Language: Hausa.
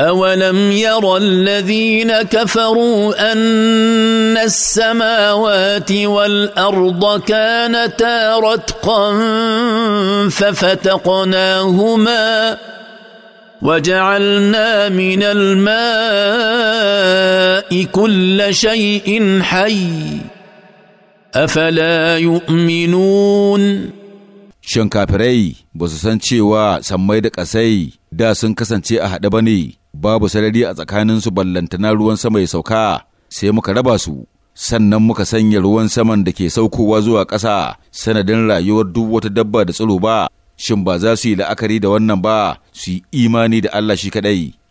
أولم ير الذين كفروا أن السماوات والأرض كانتا رتقا ففتقناهما وجعلنا من الماء كل شيء حي أفلا يؤمنون شنكابري بوسسان تشيوا سميدك أسي da sun kasance a haɗe ba ne, babu sarari a tsakaninsu ballantana ruwan sama ya sauka, sai muka raba su, sannan muka sanya ruwan saman da ke saukowa zuwa ƙasa sanadin rayuwar duk wata dabba da tsiro ba, shin ba za su yi la'akari da wannan ba, su yi imani da Allah shi kaɗai.